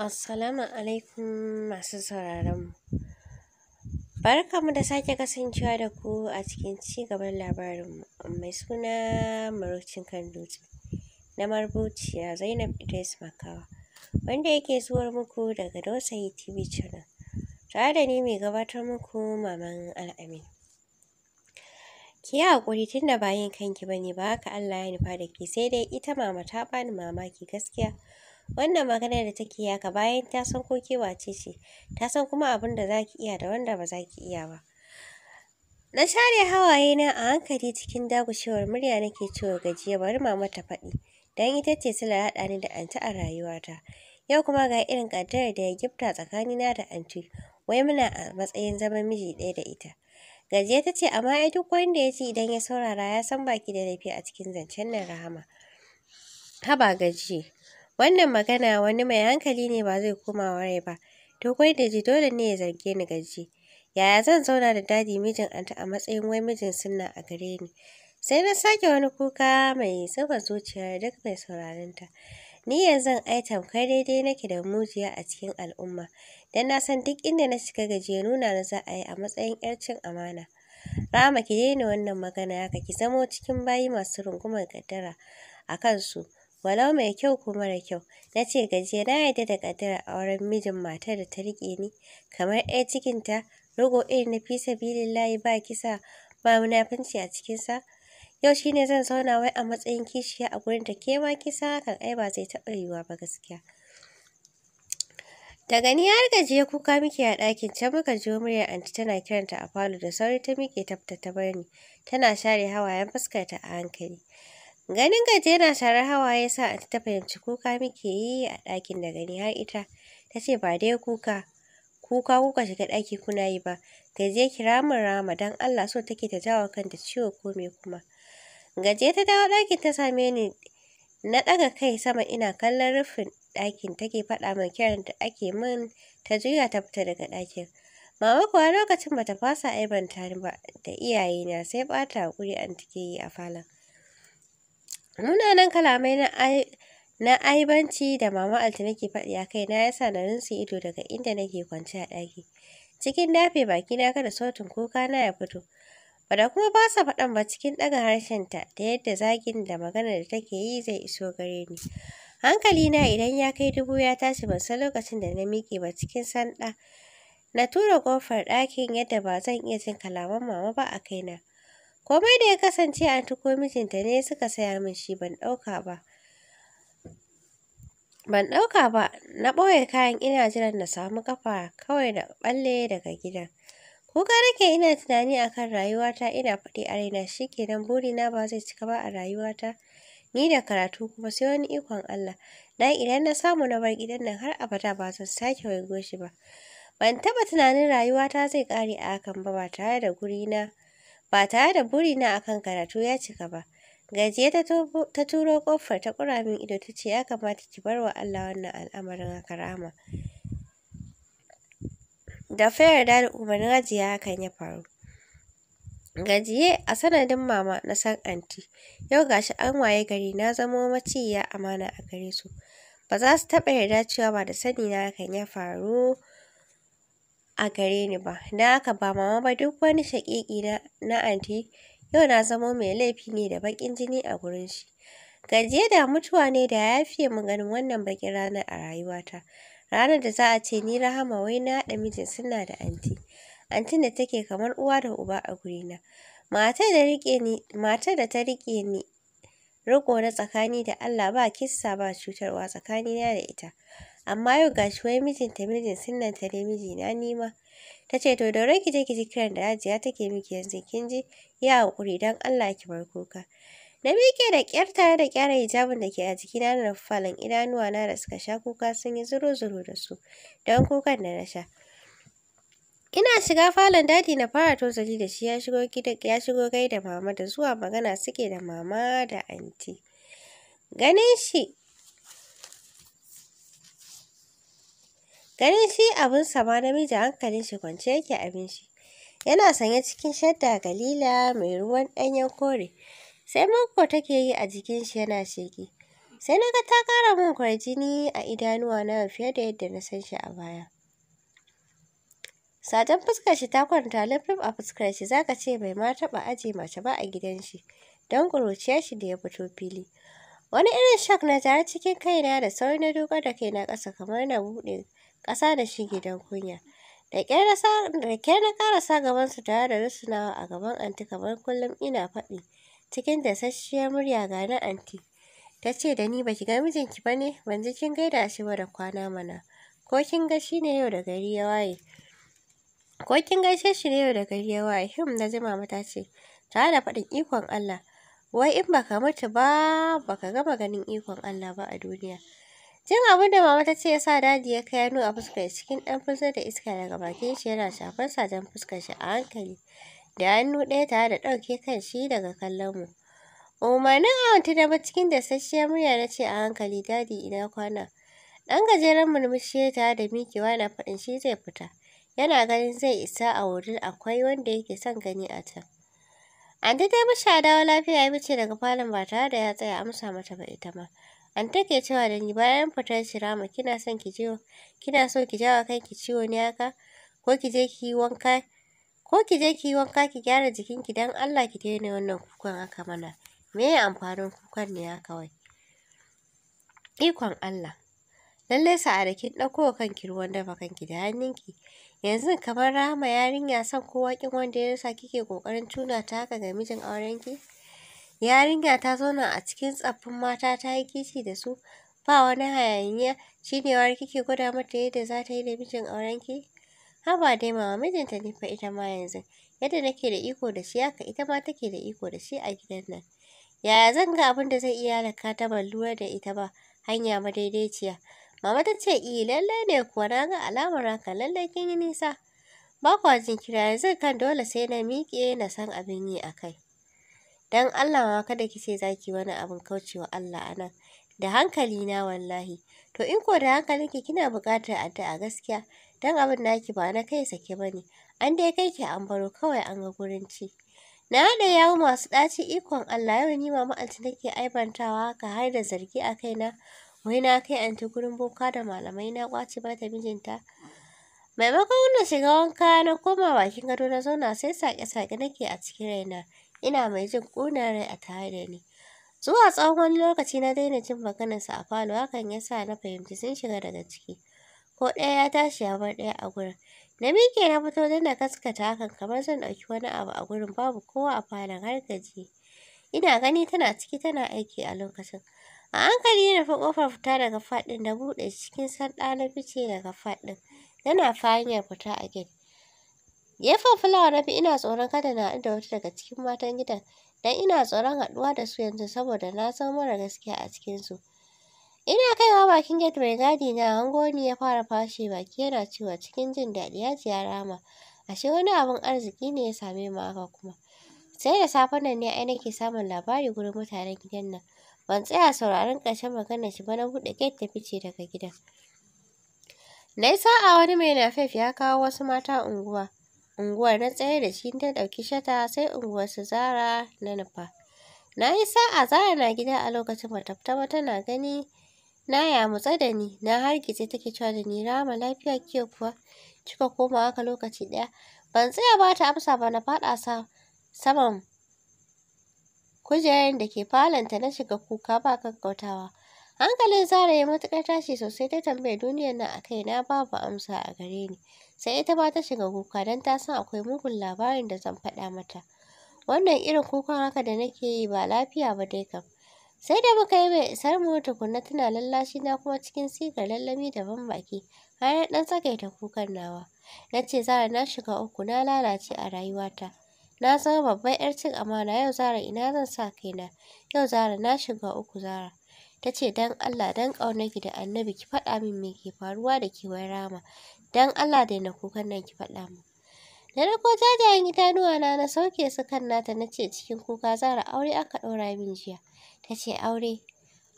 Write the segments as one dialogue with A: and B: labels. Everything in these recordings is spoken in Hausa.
A: Assalamu alaikum masu Barka mu da sake kasancewa da ku a cikin ci gaban labarinmu mai suna Marocin kan dutse na marubuciya Zainab Idris Makawa wanda yake zuwar muku daga Dosai TV Channel. Tare da ni mai gabatar muku Maman Al'amin. Ki yi haƙuri tun da bayan kanki bane ba haka Allah ya nufa da ke sai dai ita mama ta bani mamaki gaskiya. wannan maganar da take yaka bayan ta san ko ke wace ce ta san kuma abin da zaki iya da wanda ba ki iya ba na share hawaye na a hankali cikin dagushewar murya nake cewa gajiya bari mama ta faɗi dan ita ce sila haɗa ni da anti a rayuwata yau kuma ga irin ƙaddarar da ya gifta tsakanina da anti wai muna a matsayin zaman miji ɗaya da ita Gajiya ta ce, amma ai duk wanda ya ji idan ya saurara ya san baki da laifi a cikin zancen nan rahama. Haba gaji, Wannan magana wani mai hankali ne ba zai koma wa ba. To kai da ji dole ne ya zarge ni gaji. Yaya zan zauna da dadi mijin anta a matsayin wai mijin sunna a gare ni. Sai na sake wani kuka mai zuba zuciyar duk mai sauraron ta. Ni yanzu ai tamkar daidai nake da mujiya a cikin al'umma. Dan na san duk inda na shiga gajiya nuna na za a yi a matsayin 'yar cin amana. rama ki daina wannan magana ka ki zamo cikin bayi masu rungumar kaddara a kansu. walau mai kyau ko mara kyau na ce gajiya na yarda da a auren mijin matar da ta riƙe ni kamar ɗaya ta rogo irin na fi sabilillahi ba kisa ba munafunci a cikinsa yau shi ne zan zauna wai a matsayin kishiya a gurin da ke ma kisa hakan ai ba zai taɓa yiwuwa ba gaskiya daga ni har gajiya kuka muke a ɗakin can muka jiyo muryar anti tana kiranta a falo da sauri ta miƙe ta fita ta bar ni tana share hawayen fuskarta a hankali Ganin gaje na sharar hawaye sa ta fahimci kuka muke yi a ɗakin da gani har ita. Ta ce ba dai kuka, kuka kuka shiga ɗaki kuna yi ba. Gaje kira min rama don Allah so take ta jawo kanta ciwo ko me kuma. Gaje ta dawo ɗakin ta same ni na ɗaga kai sama ina kallon rufin ɗakin take faɗa min kiran da ake min ta juya ta fita daga ɗakin. Mama kuwa lokacin bata fasa aibanta ba da iyayena sai ɓata hakuri an take yi a falon. Munanan kalamai na na aibanci da Mama Alti nake faɗi a kaina ya sa na rinsa ido daga inda nake kwance a ɗaki. Cikin dafe bakina kada sautin kuka na ya fito. Bada kuma ba sa faɗan ba cikin ɗaga harshen ta. da yadda zagin da magana da take yi zai iso gare ni. Hankali na, idan ya kai dubu ya tashi ban san lokacin da na miƙe ba cikin sanda. Na tura kofar ɗakin yadda ba zan iya jin kalaman mama ba a kaina. komai da ya kasance a tuko mijinta ne suka saya min shi ban ɗauka ba ban ɗauka ba na ɓoye kayan ina jiran na samu kafa kawai da ɓalle daga gidan kuka nake ina tunani akan rayuwata ina faɗi a raina kenan burina ba zai cika ba a rayuwata ni da karatu kuma sai wani ikon Allah na idan na samu na bar gidan nan har abada ba zan sake wai goshi ba ban taɓa tunanin rayuwata zai ƙare a hakan ba ba tare da guri na ba tare da burina akan karatu ya cika ba. Gajiya ta turo ƙofar ta kuramin ido ta ce ya kamata ki bar wa Allah wannan al'amarin a karama. Da fa yarda da umarnin hajiya hakan ya faru. Gajiye a sanadin mama na san anti, yau gashi an waye gari na zamo maciya amana a gare su. Ba za su taɓa yarda cewa ba da sani na hakan ya faru a gare ni ba da haka ba mama ba duk wani shaƙiƙi na na anti yau na zamo mai laifi ne da baƙin jini a gurin shi gajiya da mutuwa ne da ya fiye mu ganin wannan baƙin ranar a rayuwata ranar da za a ce ni rahama wai na haɗa mijin suna da anti anti da take kamar uwa da uba a gurina matar da matar da ta riƙe ni riƙo na tsakani da Allah ba kissa ba cutarwa tsakanina da ita amma yau gashi wai mijinta mijin sunnanta ne mijina ni ma ta ce to da ki je ki ji kiran da Hajiya take miki yanzu kin ji ya hakuri dan Allah ki bar kuka na miƙe da ƙyar tare da ƙyara hijabin da ke a jikina na falon idanuwa na da suka sha kuka sun yi zuru-zuru da su don kukan da na sha ina shiga falon dadi na fara tozali da shi ya shigo gida ya shigo gai da mama da zuwa magana suke da mama da anti ganin shi garin shi abin sama namiji hankalin shi kwance yake abin shi. Yana sanye cikin shadda galila mai ruwan ɗanyen kore. Sai mako take yi a jikin shi yana sheƙi. Sai na ga ta ƙara min kwarjini a idanuwa na fiye da yadda na san shi a baya. Sajan fuskar shi ta kwanta lafif a fuskar shi ka ce bai ma taɓa aji mace ba a gidan shi don ƙuruciyar shi da ya fito fili. Wani irin shak na jari cikin kaina da sauri na dogara da kaina ƙasa kamar na buɗe ƙasa da shi gidan kunya. Da ƙyar na gaban su tare da rusunawa a gaban anti kamar kullum ina faɗi cikin dasasshiyar murya ga na anti. Ta ce da ni ba ki ga mijinki ba ne ban ji kin gaida shi ba da kwana mana. Ko kin ga shi ne yau da gari ya waye. Ko kin gaishe shi ne yau da gari ya waye him na jima mata ce tare da faɗin ikon Allah. Wai in baka mutu ba baka gama ganin ikon Allah ba a duniya. Jin abin da mama ta ce ya sa dadi ya kai hannu a fuskar cikin ɗan furzar da iska daga bakin shi yana shafar sajen fuskar shi a hankali. Da hannu ɗaya tare da ɗauke kan shi daga kallon mu. Umarnin awon ta dama cikin da sashiyar murya na ce a hankali dadi ina kwana. Ɗan gajeren murmushi ya tare da mikewa na faɗin shi zai fita. Yana ganin zai isa a wurin akwai wanda yake son gani a can. Anta ta bi dawo lafiya ya bice daga falon ba tare da ya tsaya amsa mata ba ita ma. An take cewa da ni bayan fitar Shirama kina son ki je kina so ki jawa kanki ciwo ne haka ko ki je ki wanka ko ki je ki wanka ki gyara jikinki dan Allah ki daina wannan kukan aka mana. Me ya amfanin kukan ne ya kawai Ikon Allah. Lallai sa'ada kin ɗauko kanki ruwan dafa kanki da hannunki. Yanzu kamar rama yarinya son kowa kin wanda ya rasa kike kokarin tuna ta haka ga mijin aurenki. Yarinya ta zauna a cikin tsaffin mata ta yi kishi da su, ba wani hayaniya, shi ne wani kike gwada mata yadda za ta yi da mijin aurenki? Haba dai mama mijinta ne fa ita ma yanzu, yadda nake da iko da shi haka ita ma take da iko da shi a gidan nan. Yaya zan ga abin da zai iya halaka ta ban lura da ita ba, hanya madaidaiciya. Mama ta ce i lallai ne kuwa na ga alamar haka lallai kin yi nisa. Ba kwa jin kira yanzu kan dole sai na miƙe na san abin yi a kai. Dan Allah ma kada ki ce zaki wani wani kauce kaucewa Allah a nan. Da hankali na wallahi. To in ko da hankalinki kina buƙatar addu'a gaskiya. Dan abin naki ba na kai sake ba An dai kai ki an baro kawai an ga gurin ci. Na da yawo masu daci, ikon Allah yau ni ma alti nake aibantawa ka har da zargi a kaina. Wai na kai anti gurin boka da malamai na ba ta mijinta. Maimakon na shiga wanka na koma bakin gado na zauna sai sake-sake nake a cikin raina. ina mai jin ƙunar rai a tare da ni. Zuwa tsawon wani lokaci na daina jin maganarsa a falo hakan ya sa na fahimci sun shiga daga ciki. Ko ɗaya ya tashi ya bar ɗaya a gurin. Na miƙe na fito don na kaskata hakan kamar zan ɗauki wani abu a gurin babu kowa a falon har gaji. Ina gani tana ciki tana aiki a lokacin. A hankali na rufe ƙofar fita daga faɗin da buɗe cikin sanda na fice daga faɗin. Yana fa ya fita a gate. Gefen fulawa na ina tsoron kada na haɗu da wata daga cikin matan gidan dan ina tsoron haɗuwa da su yanzu saboda na san mara gaskiya a cikin su Ina kaiwa bakin gate mai gadi na hango ni ya fara fashe baki yana cewa cikin jin daɗi ya ji rama. Ashe wani abun arziki ne ya same mu haka kuma. Sai da safen nan ne ai nake samun labari gurin mutanen gidan nan. Ban tsaya sauraron ƙarshen magana shi ba na buɗe gate ta fice daga gidan. Na yi sa'a wani mai nafef ya kawo wasu mata unguwa. unguwar na tsaye da shi ta ɗauki shata sai unguwar su zara na nufa na yi sa'a zara na gida a lokacin matabtaba tana gani na mutsa da ni na hargitse take cewa da ni rama lafiya kiyo kuwa cika koma ka lokaci ɗaya ban tsaya ba ta amsa ba na faɗa sa saman kujerar da ke falanta na shiga kuka ba kankautawa Hankalin Zara ya matuƙar tashi sosai ta tambaye duniyar nan a kaina babu amsa a gare ni. Sai ita ba ta shiga kuka don ta san akwai mugun labarin da zan faɗa mata. Wannan irin kukan haka da nake yi ba lafiya ba dai kam. Sai da muka yi mai isar mu tukunna tana lallashi na kuma cikin sigar lallami da ban baki har na ɗan ta kukan nawa. Na ce Zara na shiga uku na lalace a rayuwata. Na zama babbar 'yar cin amana yau Zara ina zan sa kaina. Yau Zara na shiga uku Zara. ta ce don Allah Dan ƙaunarki da annabi ki faɗa min me ke faruwa da kewar rama Dan Allah da yana kukan nan ki faɗa min Da na ko jajayen idanuwa na na sauke su kan nata na ce cikin kuka zara aure aka ɗora min jiya ta ce aure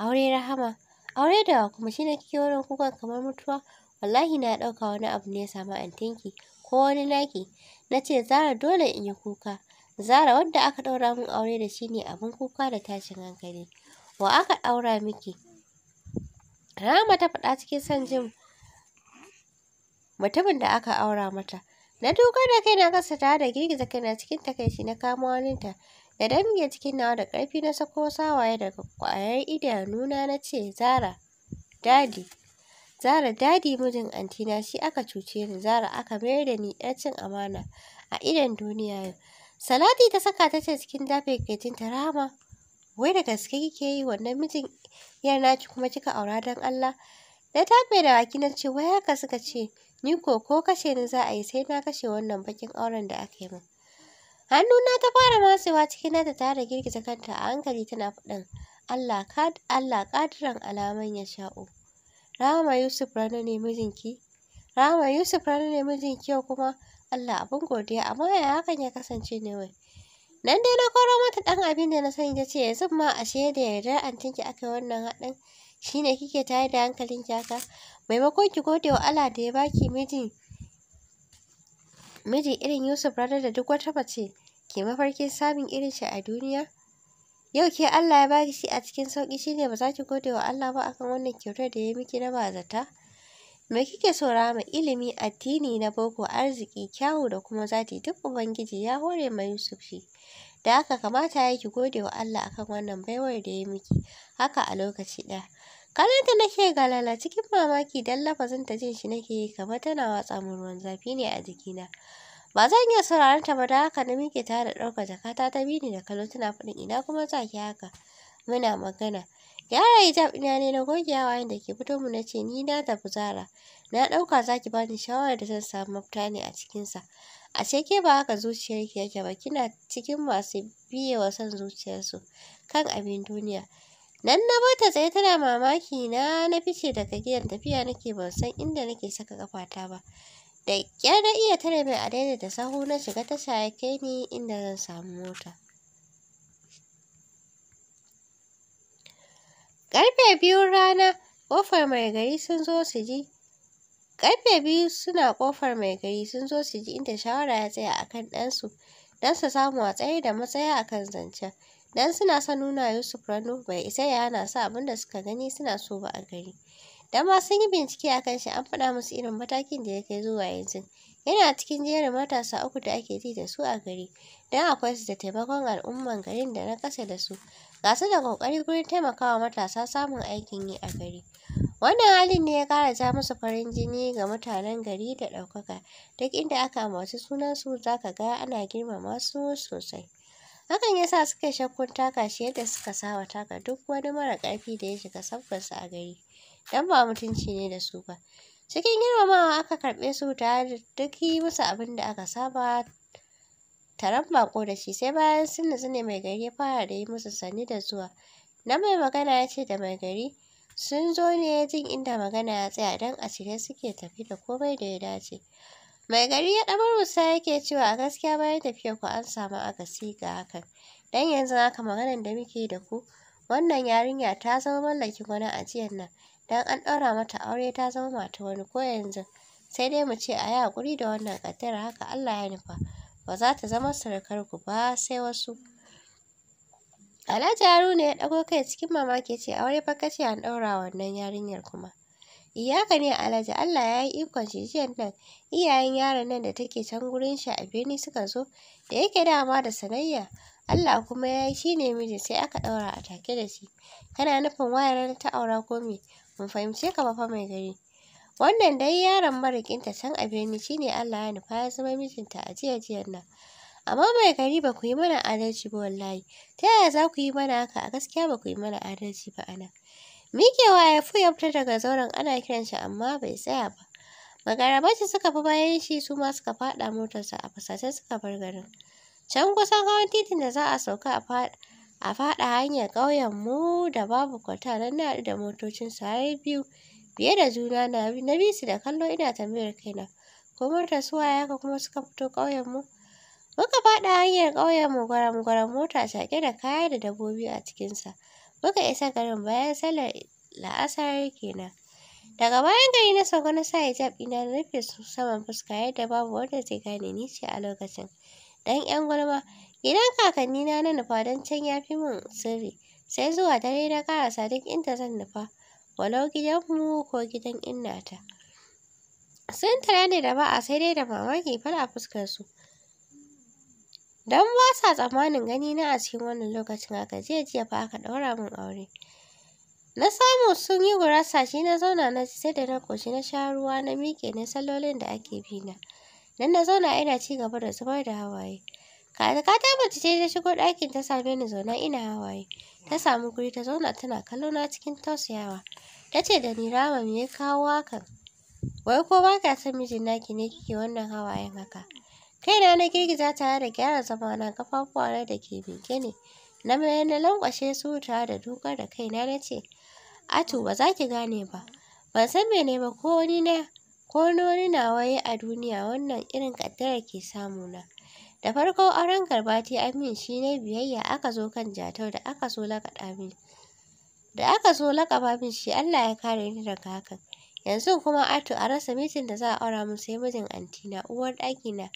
A: aure rahama aure da kuma shi ne kike wurin kukan kamar mutuwa wallahi na ɗauka wani abu ne ya samu antinki ko wani naki na ce zara dole in yi kuka zara wanda aka ɗaura min aure da shi ne abin kuka da tashin hankali wa aka ɗaura miki Rama ta faɗa cikin son jin mutumin da aka aura mata na dogon da kai na kasa tare da girgiza kaina cikin takaici na kamo waninta da damge cikin nawa da ƙarfi na sako sawaye daga ƙwayar idanuna na ce zara dadi zara dadi mijin antina shi aka cuce ni zara aka mayar da ni yar cin amana a idon duniya yau salati ta saka ta ce cikin dafe kirjinta rama wai da gaske kike yi wannan mijin yar naki kuma kika aura dan Allah ta tafe da waki na ce wai haka suka ce ni ko ko kashe ni za a yi sai na kashe wannan bakin auren da aka yi min hannuna ta fara masewa cikin na ta da girgiza kanta a hankali tana fadin Allah kad Allah kadiran alaman ya sha'u Rama Yusuf rana ne mijinki Rama Yusuf rana ne mijinki yau kuma Allah abin godiya amma ya hakan ya kasance ne wai Nan dai na koro mata ɗan abin da na sani ta ce yanzu ma ashe da yarda antinki aka yi wannan haɗin shi ne kike tayar da hankalinki haka maimakon ki gode wa Allah da ya baki miji miji irin Yusuf ranar da duk wata mace ke mafarkin samun irin shi a duniya. Yau ke Allah ya baki shi a cikin sauki shi ne ba za ki gode wa Allah ba akan wannan kyautar da ya miki na bazata. Me kike so ma ilimi, addini na boko, arziki, kyawu da kuma zati duk Ubangiji ya hore ma Yusuf Da haka kamata ya ki gode wa Allah akan wannan baiwar da ya miki, haka a lokaci ɗaya. Kalanta nake galala cikin mamaki don lafazin ta jin shi nake yi kamar tana watsa mu ruwan zafi ne a jikina. Ba zan iya sauraron ta ba da haka na miƙe tare da ɗaukar jakata ta bi ni da kallo tana faɗin ina kuma za ki haka. Muna magana. Yara hijab ina ne na goge hawayen da ke fito mu na ce ni na tafi Zara. Na ɗauka za ki bani shawarar da zan samu mafita ne a cikinsa. Ashe ke ba haka zuciyarki yake ba kina cikin masu biye wa son zuciyarsu kan abin duniya. Nan na bata tsaye tana mamaki na na fice daga gidan tafiya nake ban san inda nake saka kafata ba. Da kyar na iya tare mai a daidaita sahu na shiga tasha ya kai ni inda zan samu mota. Ƙarfe biyun rana ƙofar mai gari sun zo su ji. Ƙarfe biyu suna ƙofar mai gari sun zo su ji inda shawara ya tsaya a kan ɗansu don su samu a tsaye da matsaya a kan zancen. Don suna son nuna Yusuf Rano bai isa ya hana su abin da suka gani suna so ba a gari. Dan ma sun yi bincike a kan shi an faɗa musu irin matakin da ya kai zuwa yanzu. Yana cikin jerin matasa uku da ake ji da su a gari. Dan akwai su da taimakon al'umman garin da na ƙasa da su. Ga su da ƙoƙari gurin taimakawa matasa samun aikin yi a gari. Wannan halin ne ya ƙara ja musu farin jini ga mutanen gari da ɗaukaka. Duk inda aka ambaci sunansu za ka ga ana girmama su sosai. Hakan ya sa suka shakkun taka shi yadda suka saba taka duk wani mara ƙarfi da ya shiga sabgarsa a gari. don ba mutunci ne da su ba. Cikin girmamawa aka karɓe su tare da duk yi musu abin da aka saba taron baƙo da shi sai bayan sun nutsu ne mai gari ya fara da yi musu sanni da zuwa. Na mai magana ya ce da mai gari sun zo ne jin inda magana ya tsaya don a cire suke tafi da komai da ya dace. Mai gari ya wusa ya yake cewa a gaskiya bayan tafiya ku an samu agasi ga hakan. Dan yanzu haka maganar da muke da ku wannan yarinya ta zama mallakin wani ajiyar nan. dan an ɗaura mata aure ta zama mata wani ko yanzu sai dai mu ce a yi haƙuri da wannan ƙaddara haka Allah ya nufa ba za ta zama surukar ku ba sai wasu Alhaji Haruna ya ɗago kai cikin mamaki ce aure fa kace an ɗaura wannan yarinyar kuma iyaka ne alhaji Allah ya yi ikon jijiyan nan iyayen yaron nan da take can gurin shi a birni suka zo da yake dama da sanayya Allah kuma ya yi shi ne miji sai aka ɗaura a take da shi kana nufin wayar ta aura ko me Mu fahimce ka ba fa mai gari. Wannan dai yaron marikinta can a birni shine Allah ya nufa ya zama mijinta a jiya jiyan nan. Amma mai gari ba ku yi mana adalci ba wallahi. Ta yaya za ku yi mana haka a gaskiya ba ku yi mana adalci ba ana. Mikewa ya fi ya fita daga zauren ana kiran shi amma bai tsaya ba. magarabaci suka fi bayan shi su ma suka faɗa motarsa a fasace suka bar garin. Can kusan hawan titin da za a sauka a a faɗa hanyar ƙauyenmu da babu kwalta nan na haɗu da motocin har biyu biye da juna na bi su da kallo ina tambayar kaina ko murta su waye kuma suka fito ƙauyenmu muka faɗa hanyar ƙauyenmu gwaram gwaram mota sake da kaya da dabbobi a cikinsa muka isa garin bayan sallar la'asar kenan daga bayan gari na sauka na sa hijab ina na rufe saman fuska yadda babu wanda zai gane ni ce a lokacin dan yan gulma Gidan kakannina na nufa don can ya fi min sirri, sai zuwa dare na karasa duk inda zan nufa, walau gidanmu ko gidan innata. Sun tare ne da ba'a sai dai da mamaki fal a su. Don ba sa tsammanin gani na a cikin wannan lokacin a jiya jiya fa aka ɗaura min aure. Na samu sun yi gurasa shi na zauna na ci sai da na ƙoshi na sha ruwa na miƙe na sallolin da ake bi na. Nan na zauna ina ci gaba da zubar da hawaye. kakata mace ce ta shigo ɗakin ta same ni zauna ina hawaye ta samu guri ta zauna tana kallo na cikin tausayawa ta ce da ni rama me ya kawo hakan wai ko ba ka son mijin naki ne kike wannan hawayen haka kaina na girgiza tare da gyara zama na kafafuwa na da ke miƙe ne na mai na lankwashe su tare da dukar da kaina na ce atu ba za ki gane ba ban san mene ba ko wani na ko wani waye a duniya wannan irin kaddara ke samu na Da farko auren Garbati Amin shi ne biyayya aka zo kan jatau da aka so lakaɗa min. Da aka so laƙaba min shi Allah ya kare ni daga hakan. Yanzu kuma Atu a rasa mitin da za a aura min sai mijin antina uwar ɗakina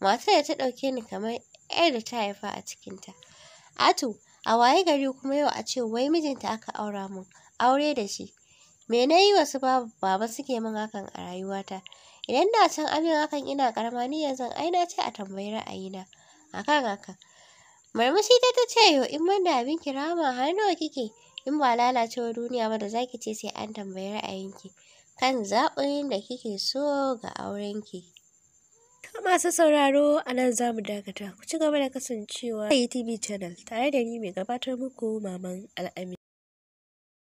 A: matar da ta ɗauke ni kamar ƴar da ta haifa a cikinta. Atu a waye gari kuma yau a ce wai mijinta aka aura min aure da shi. Me na yi wasu baba suke min hakan a rayuwata? Idan na can abin hakan ina karama ni yanzu ai na ce a tambayi ra'ayina akan hakan. Marmashi ta ta ce yo in manda abin kirama har nawa kike in ba lalacewa duniya ba da zaki ce sai an tambayi ra'ayinki kan zaɓin da kike so ga aurenki. masu sauraro a nan za mu dakata ku ci gaba da kasancewa a TV channel tare da ni mai gabatar muku Maman Al'amin.